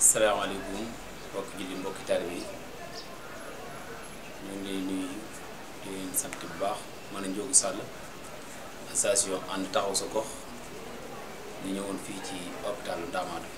salaamaaleykum mbokki julli mbokki taalibe ñu ngi lay nuyu di bu baax man na Ndiogou sàll association ànd taxaw sa gox ñu ñëwoon fii ci hôpitalu Ndamatou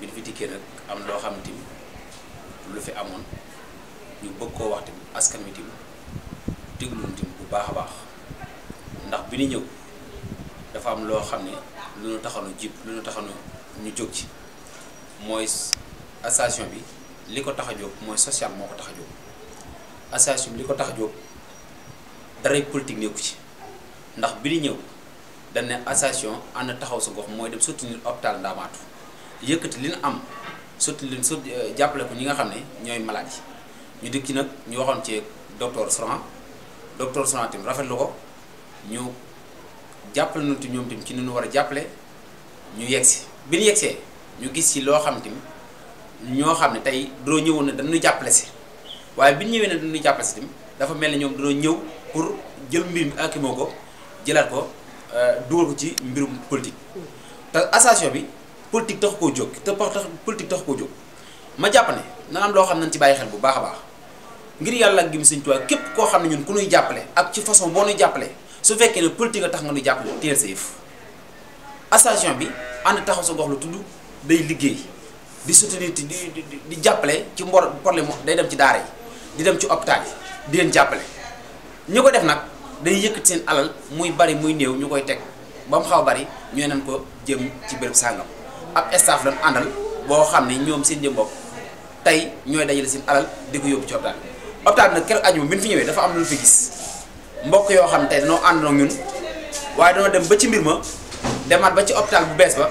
bi fi dikkee nag am loo xam tim lu fi amoon ñu bëgg koo wax bi askan wi tim dégluwoon tim bu baax a baax ndax bi ñu ñëw dafa am loo xam ne lu ñu taxanu jib lu ñu taxanu ñu jóg ci mooy association bi li ko tax a jóg mooy social moo ko tax a jóg association bi li ko tax a jóg daray politique nekku ci ndax bi di ñëw dañ ne association ànd taxaw sa gox mooy dem soutenir hôpital Ndamaatu yëkkati li ñu am sotti leen sotti euh, jàppale ko ñi nga xam ne ñooy malade ñu dikki nag ñu waxoon ci docteur Soran docteur Soran tamit rafetlu ko ñu jàppale nañu ñoom tamit ci ni ñu war a jàppale ñu yegsi bi ñu yegsee. ñu gis ci loo xam tim ñoo xam ne tey danoo ñëwoon ne dañu jàppale si waaye bi ñu ñëwee ne dañu jàppale si tim dafa mel ni ñoom danoo ñëw pour jël mbir mi akimoo ko jëlaat ko euh, dugal ko ci mbirum politique te association bi politique tax koo jóg te politique tax koo jóg ma jàpp ne na am loo xam nañ ci bàyyi xel bu baax a baax ngir yàlla ak gim Sëñ Tuubaa képp koo xam ne ñun ku nuy jàppale ak ci façon boo nuy jàppale su fekkee ne politique a tax nga nuy jàppale téel sa yëf association bi ànd taxaw sa gox lu tudd day liggéey di soutenir di di jàppale ci mbor problème day dem ci daara yi di dem ci hôpital yi di leen jàppale ñu ko def nag day yëkkat seen alal muy bari muy néew ñu koy teg ba mu xaw bari ñu neen ko jëm ci béréb sàngam ab staff lañ àndal boo xam ne ñoom seen jëm bopp tey ñooy dajale seen alal di ko yóbbu ci hôpital hôpital nag keroog aju bi fi ñëwee dafa am lu fi gis mbokk yoo xam ne tey danoo àndandoo ñun waaye danoo dem ba ci mbir ma demaat ba ci hôpital bu bees ba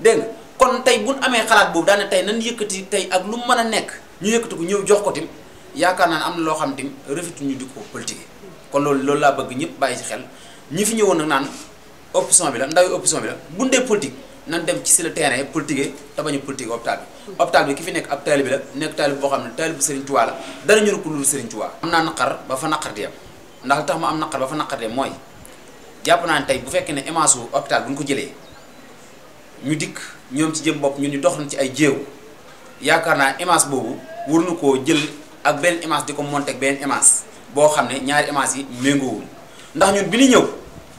dégg nga kon tey bu ñu amee xalaat boobu daane tey nan yëkkati tey ak lu mën a nekk ñu yëkkati ko ñëw jox ko tim yaakaar naa am loo xam tim refitu ñu di ko politique kon loolu loolu laa bëgg ñëpp bàyyi ci xel ñi fi ñëwoon nag naan opposition bi la ndawi opposition bi la bu dee politique nan dem ci si le terrain politique te bañ a politique hôpital bi ki fi nekk ab taalib bi la nekk taalib boo xam ne taalib bu Serigne Touba la dara ñu ko am naa naqar ba fa naqar di ndax li tax ma am naqar ba fa naqar di mooy jàpp naa ne tey bu fekkee ne image hôpital bu ñu ko jëlee ñu dikk ñoom ci jëm bopp ñun ñu dox nañ ci ay jéew yaakaar naa image boobu war na ko jël ak benn image di ko monté ak benn image boo xam ne ñaari image yi méngoowul ndax ñun bi ñu ñëw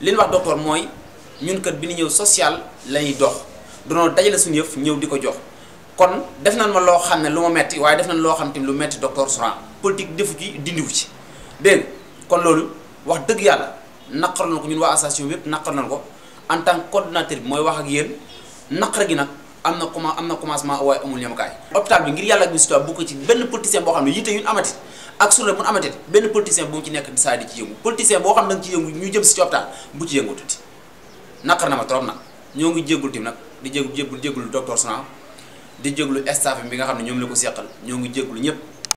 li ñu wax docteur mooy ñun kat bi ñu ñëw social lañuy dox danoo dajale suñu yëf ñëw di ko jox kon def nañ ma loo xam ne lu ma waaye def nañ loo xam tamit lu metti docteur Souran politique defu ci dindiwu ci dégg kon loolu wax dëgg yàlla naqar nañ ko ñun waa association bi yëpp naqar nañ ko en tant que bi mooy wax ak yéen naqar gi nag am na comment am na commencement waaye amul yemukaay. hôpital bi ngir yàlla ak ministère bu ko ci benn politicien boo xam ne yitte yu ñu amati ak suuna bu ñu benn politicien bu mu ci nekk di saa di ci yëngu politicien boo xam ne ñu jëm si ci hôpital bu ci yëngu tuuti naqar na ma trop nag ñoo ngi jéggul tim nag di jég jéggul jéggul docteur Sonan di jégglu staff bi nga xam ne ñoom la ko seqal ñoo ngi jégglu ñëpp